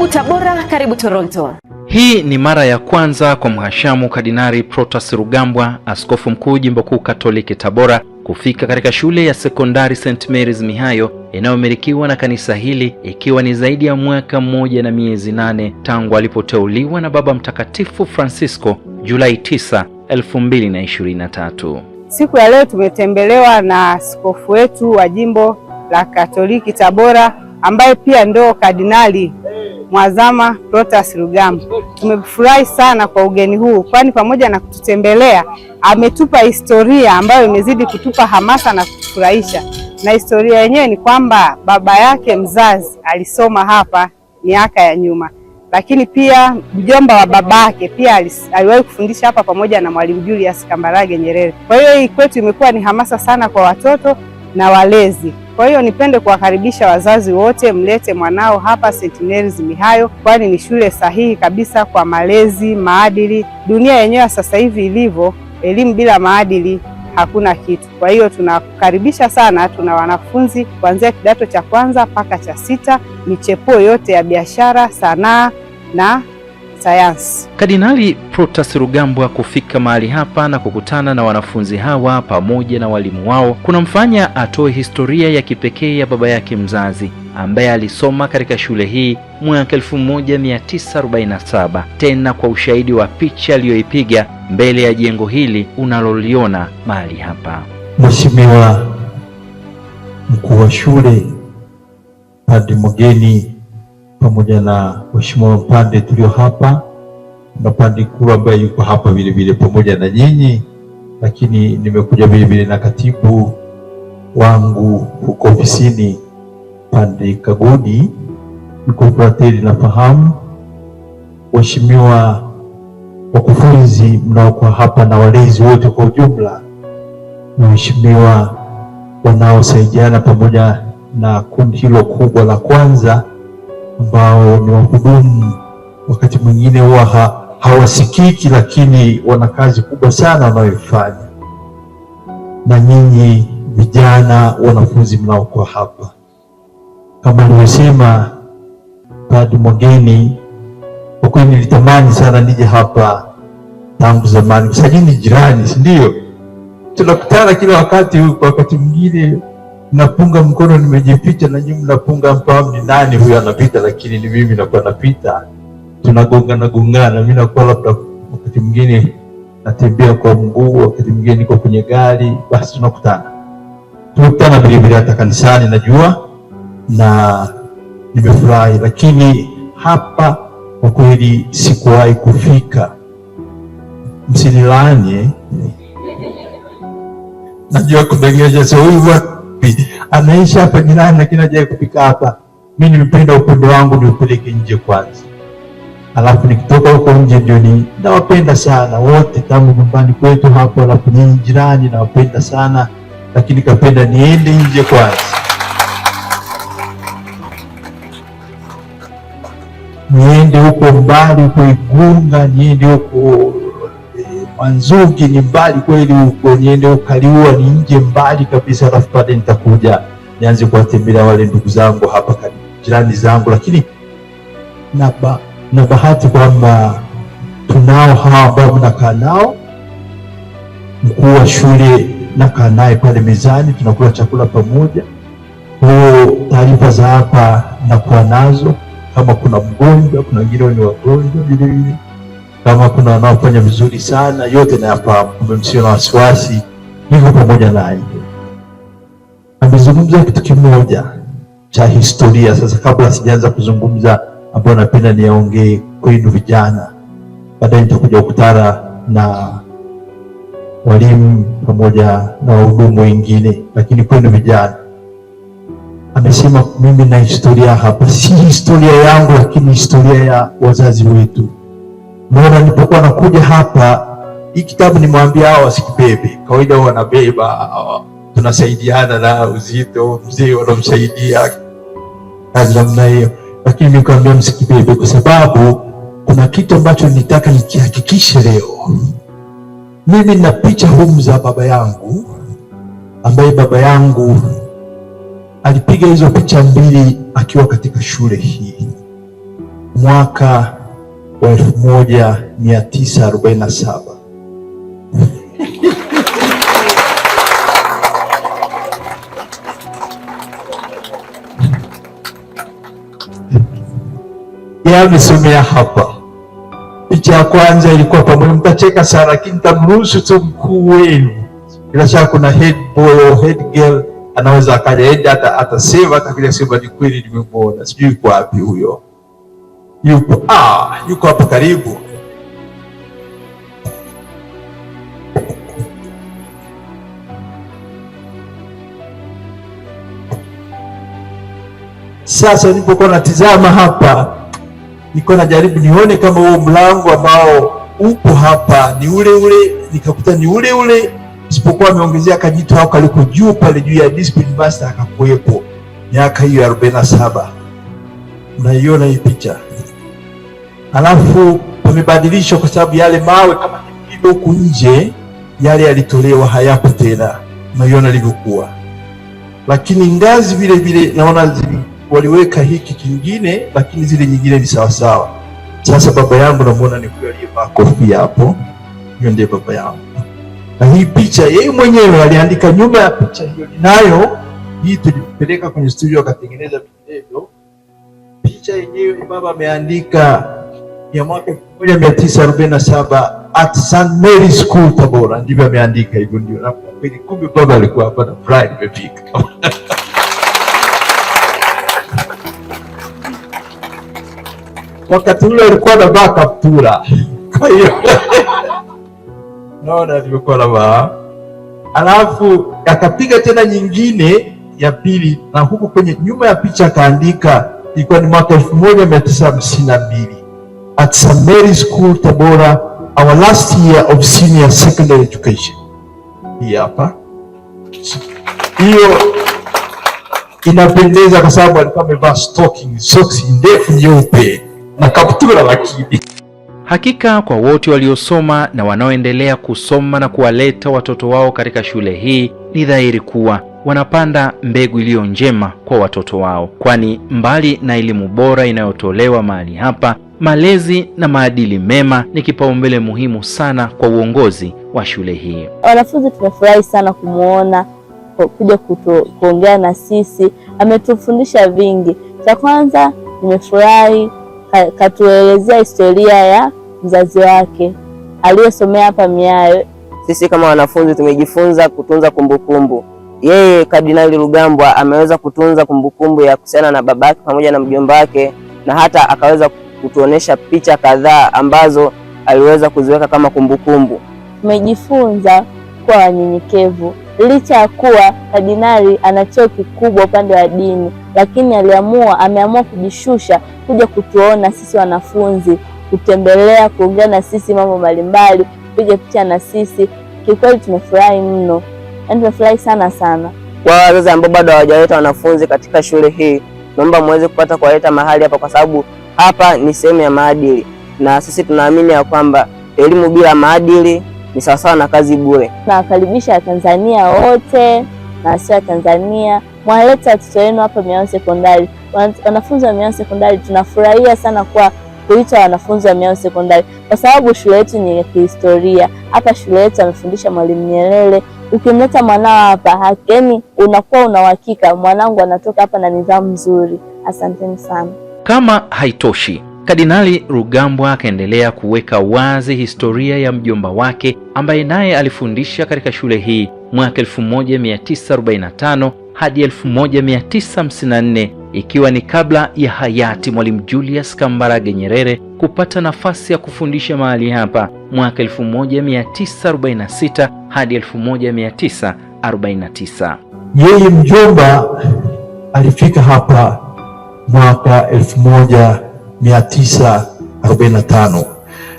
Karibu Tabora, karibu Toronto. Hii ni mara ya kwanza kwa mhashamu kardinari Protas Rugambwa, askofu mkuu jimbo kuu Katoliki Tabora, kufika katika shule ya sekondari St Mary's Mihayo inayomilikiwa na kanisa hili, ikiwa ni zaidi ya mwaka mmoja na miezi nane tangu alipoteuliwa na Baba Mtakatifu Francisco Julai 9, 2023. Siku ya leo tumetembelewa na askofu wetu wa jimbo la Katoliki Tabora ambaye pia ndo kardinali Mwazama Protas Rugambwa. Tumefurahi sana kwa ugeni huu, kwani pamoja na kututembelea ametupa historia ambayo imezidi kutupa hamasa na kufurahisha, na historia yenyewe ni kwamba baba yake mzazi alisoma hapa miaka ya nyuma, lakini pia mjomba wa babake pia aliwahi kufundisha hapa pamoja na Mwalimu Julius Kambarage Nyerere. Kwa hiyo hii kwetu imekuwa ni hamasa sana kwa watoto na walezi. Kwa hiyo nipende kuwakaribisha wazazi wote, mlete mwanao hapa St. Mary's Mihayo, kwani ni shule sahihi kabisa kwa malezi, maadili. Dunia yenyewe sasa hivi ilivyo, elimu bila maadili hakuna kitu. Kwa hiyo tunakukaribisha sana. Tuna wanafunzi kuanzia kidato cha kwanza mpaka cha sita, michepuo yote ya biashara, sanaa na sayansi. Kardinali Protas Rugambwa kufika mahali hapa na kukutana na wanafunzi hawa pamoja na walimu wao kunamfanya atoe historia ya kipekee ya baba yake mzazi ambaye alisoma katika shule hii mwaka 1947 tena kwa ushahidi wa picha aliyoipiga mbele ya jengo hili unaloliona mahali hapa. Mheshimiwa mkuu wa shule, padri mgeni pamoja na mheshimiwa mpande tulio hapa na pande kuu ambaye yuko hapa vile vile pamoja na nyinyi, lakini nimekuja vile vile na katibu wangu huko ofisini pande Kagodi yuko frateli, nafahamu waheshimiwa wakufunzi mnaokuwa hapa na walezi wote kwa ujumla, waheshimiwa wanaosaidiana pamoja na kundi hilo kubwa la kwanza ambao ni wahudumu, wakati mwingine huwa ha, hawasikiki, lakini wana kazi kubwa sana wanayoifanya. Na nyinyi vijana, wanafunzi mnaokuwa hapa, kama alivyosema Padri Mwageni, kwa kweli nilitamani sana nije hapa tangu zamani, kwa sababu ni jirani, si ndio? Tunakutana kila wakati, wakati mwingine napunga mkono, nimejificha na nyinyi mnapunga, mfahamu ni nani huyo anapita, lakini ni mimi nakuwa napita, tunagongana gongana, mimi nakuwa labda wakati mwingine natembea kwa mguu, wakati mwingine niko kwenye gari, basi tunakutana tunakutana vile hata kanisani najua, na nimefurahi, lakini hapa kwa kweli sikuwahi kufika. msinilani najua kudengeja sio hivyo anaishi hapa jirani, lakini hajawahi kupika hapa. Mi nimependa upendo wangu niupeleke nje kwanza, alafu nikitoka huko nje ndio ni nawapenda sana wote, tangu nyumbani kwetu hapo, alafu nyinyi jirani nawapenda sana, lakini kapenda niende nje kwanza niende huko mbali, kuigunga, Igunga, niende huko Manzuki ni mbali kweli, huko niende ukaliua ni nje mbali kabisa, halafu baadaye nitakuja nianze kuwatembelea wale ndugu zangu hapa jirani zangu, lakini na, ba, na bahati kwamba tunao hawa ambao mnakaa nao, mkuu wa shule nakaa naye pale mezani, tunakula chakula pamoja. Kwa taarifa za hapa nakuwa nazo, kama kuna mgonjwa, kuna wengine ni wagonjwa vilevile kama kuna wanaofanya vizuri sana, yote nayafahamu. Msio na wasiwasi, niko pamoja naye. Amezungumza kitu kimoja cha historia. Sasa kabla sijaanza kuzungumza, ambayo napenda niyaongee kwenu vijana, baadaye nitakuja kukutana na walimu pamoja na wahudumu wengine, lakini kwenu vijana amesema, mimi na historia hapa, si historia yangu, lakini historia ya wazazi wetu Mbona nilipokuwa nakuja hapa, hii kitabu nimwambia hao wasikibebe. Kawaida huwa wanabeba, tunasaidiana na uzito, mzee wanamsaidia kazi namna hiyo, lakini nikaambia msikibebe, kwa sababu kuna kitu ambacho nitaka nikihakikishe leo. Mimi nina picha humu za baba yangu, ambaye baba yangu alipiga hizo picha mbili akiwa katika shule hii mwaka wa 1947 amesomea hapa. Picha ya kwanza ilikuwa pamoja, mtacheka sana lakini tamruhusu tu mkuu wenu. Bila shaka kuna head boy au head girl anaweza akaja hata atasema atakuja sema ni kweli, nimemwona sijui kwa wapi huyo yuko ah, yuko hapo karibu. Sasa nilipokuwa natizama hapa, na najaribu nione kama huo mlango ambao upo hapa ni ule ule, nikakuta ni ule ule, isipokuwa ameongezea kajito hao kaliko juu pale juu ya discipline master akakuwepo. Miaka hiyo ya 47 saba, unaiona hii picha. Alafu pamebadilishwa kwa sababu yale mawe kama ilivyo huku nje, yale yalitolewa, hayapo tena. unaiona ilivyokuwa, lakini ngazi vile vile naona zili, waliweka hiki kingine, lakini zile nyingine ni sawasawa. Sasa baba yangu namuona ni huyo aliyevaa kofia hapo, hiyo ndiye baba yangu. Na hii picha yeye mwenyewe aliandika nyuma ya picha hiyo ninayo hii, tulipeleka kwenye studio akatengeneza video. Picha yenyewe baba ameandika ya mwaka 1947 at St. Mary School Tabora, ndivyo ameandika hivyo, ndio na kweli, kumbe baba alikuwa hapa na Brian imefika. Wakati ule alikuwa anavaa kaptura, kwa hiyo naona alivyokuwa navaa, alafu akapiga tena nyingine ya pili, na huku kwenye nyuma ya picha akaandika ilikuwa ni mwaka mbili at St. Mary's School Tabora, our last year of senior secondary education. Hii hapa hiyo inapendeza kwa sababu alikuwa amevaa stockings, socks ndefu nyeupe na kaptura lakini Hakika kwa wote waliosoma na wanaoendelea kusoma na kuwaleta watoto wao katika shule hii, ni dhahiri kuwa wanapanda mbegu iliyo njema kwa watoto wao, kwani mbali na elimu bora inayotolewa mahali hapa malezi na maadili mema ni kipaumbele muhimu sana kwa uongozi wa shule hii. Wanafunzi tumefurahi sana kumwona kuja kuongea na sisi, ametufundisha vingi. Cha kwanza nimefurahi katuelezea historia ya mzazi wake aliyesomea hapa Miayo. Sisi kama wanafunzi tumejifunza kutunza kumbukumbu. Yeye Kardinali Rugambwa ameweza kutunza kumbukumbu ya kuhusiana na babake pamoja na mjomba wake na hata akaweza kutuonesha picha kadhaa ambazo aliweza kuziweka kama kumbukumbu. Tumejifunza kuwa wanyenyekevu licha ya kuwa kadinali ana cheo kikubwa upande wa dini, lakini aliamua ameamua kujishusha kuja kutuona sisi wanafunzi, kutembelea, kuongea na sisi mambo mbalimbali, kupiga picha na sisi. Kiukweli tumefurahi mno, yaani tumefurahi sana sana. Kwa wazazi ambao bado hawajaleta wanafunzi katika shule hii, naomba muweze kupata kuwaleta mahali hapa, kwa sababu hapa ni sehemu ya maadili, na sisi tunaamini ya kwamba elimu bila maadili ni sawasawa na kazi bure. Nawakaribisha Watanzania wote na wasio Watanzania, mwaleta watoto wenu hapa Miao Sekondari. Wanafunzi wa Miao Sekondari tunafurahia sana kuwa kuita wanafunzi wa Miao Sekondari kwa sababu shule yetu ni ya kihistoria. Hapa shule yetu amefundisha Mwalimu Nyerere. Ukimleta mwanao hapa, yaani unakuwa una uhakika mwanangu anatoka hapa na nidhamu nzuri. Asanteni sana. Kama haitoshi, Kardinali Rugambwa akaendelea kuweka wazi historia ya mjomba wake ambaye naye alifundisha katika shule hii mwaka 1945 hadi 1954 ikiwa ni kabla ya hayati Mwalimu Julius Kambarage Nyerere kupata nafasi ya kufundisha mahali hapa mwaka 1946 hadi 1949. Yeye mjomba alifika hapa mwaka 1945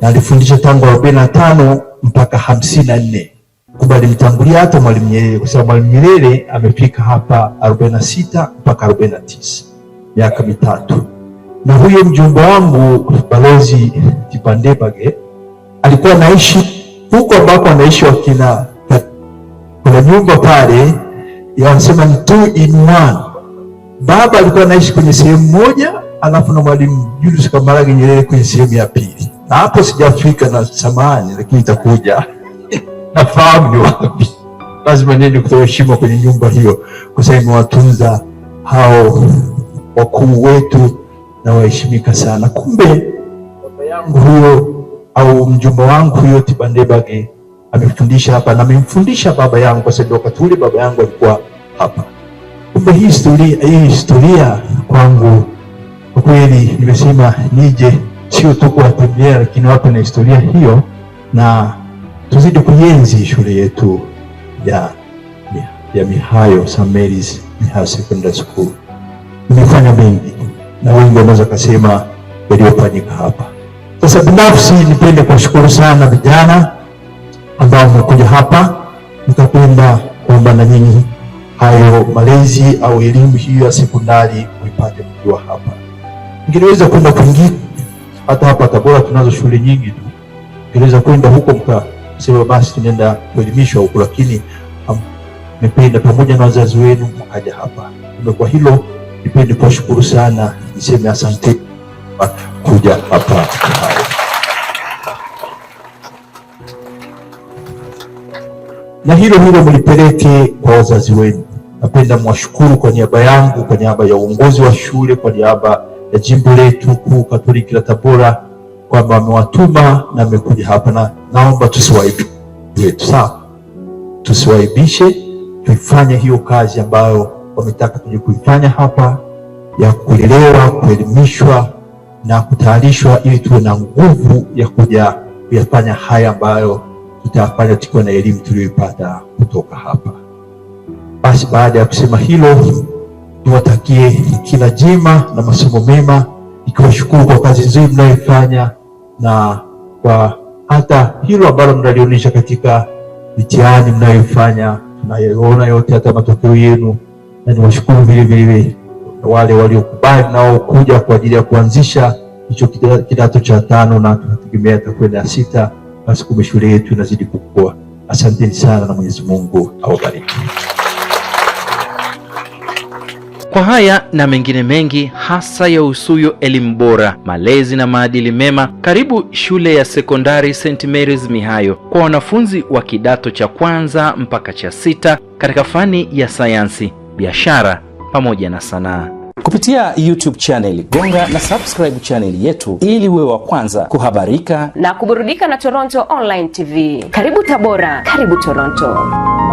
na alifundisha tangu 45 mpaka 54. Kumbe alimtangulia hata Mwalimu Nyerere, kwa sababu Mwalimu Nyerere amefika hapa 46 mpaka 49, miaka mitatu. Na huyo mjumbe wangu Balozi Kipandebage alikuwa anaishi huko ambako anaishi wakina, kuna nyumba pale wanasema ni two in one baba alikuwa anaishi kwenye sehemu moja, alafu na mwalimu Julius Kambarage Nyerere kwenye sehemu ya pili, na hapo sijafika na samani, lakini itakuja nafahamu ni wapi, lazima niende kutoa heshima kwenye nyumba hiyo, kwa sababu imewatunza hao wakuu wetu na waheshimika sana. Kumbe baba yangu huyo au mjomba wangu huyo Tibandebage amefundisha hapa na amemfundisha baba yangu, kwa sababu wakati ule baba yangu alikuwa hapa. Kumbe hii historia, hii historia kwangu kwa kweli, nimesema nije sio tu kuwatembelea, lakini wape na historia hiyo, na tuzidi kuenzi shule yetu ya, ya, ya Mihayo St. Mary's Mihayo Secondary School. Nimefanya mengi na wengi wanaweza kusema yaliyofanyika hapa. Sasa binafsi nipende kuwashukuru sana vijana ambao wamekuja hapa, nikapenda kuomba na nyinyi hayo malezi au elimu hiyo ya sekondari uipate mkiwa hapa. Ingeweza kwenda kwingine, hata hapa Tabora tunazo shule nyingi tu, ingeweza kwenda huko mkasema basi tunaenda kuelimishwa huko, lakini mmependa pamoja na wazazi wenu mkaja hapa. Kwa hilo nipende kuwashukuru sana, niseme asante kuja hapa. Na hilo hilo mlipeleke kwa wazazi wenu. Napenda mwashukuru kwa niaba yangu, kwa niaba ya uongozi wa shule, kwa niaba ya jimbo letu kuu Katoliki la Tabora kwamba amewatuma na amekuja hapa, na naomba tusiwaibie, sawa, tusiwaibishe, tuifanye hiyo kazi ambayo wametaka tuje kuifanya hapa ya kuelewa, kuelimishwa na kutayarishwa, ili tuwe na nguvu ya kuja kuyafanya haya ambayo tutayafanya tukiwa na elimu tuliyoipata kutoka hapa. Basi baada ya kusema hilo, niwatakie kila jema na masomo mema, nikiwashukuru kwa kazi nzuri mnayoifanya na kwa hata hilo ambalo mnalionyesha katika mitihani mnayoifanya, tunayoona yote hata matokeo yenu, na niwashukuru vile vile wale waliokubali nao kuja kwa ajili ya kuanzisha hicho kidato cha tano na tunategemea takwenda ya sita. Basi kumbe shule yetu inazidi kukua. Asanteni sana na Mwenyezi Mungu awabariki. Kwa haya na mengine mengi hasa ya usuyo elimu bora, malezi na maadili mema, karibu shule ya sekondari St Mary's Mihayo kwa wanafunzi wa kidato cha kwanza mpaka cha sita katika fani ya sayansi, biashara pamoja na sanaa kupitia YouTube channel. Gonga na subscribe chaneli yetu ili uwe wa kwanza kuhabarika na kuburudika na Toronto Online TV. Karibu Tabora, karibu Toronto.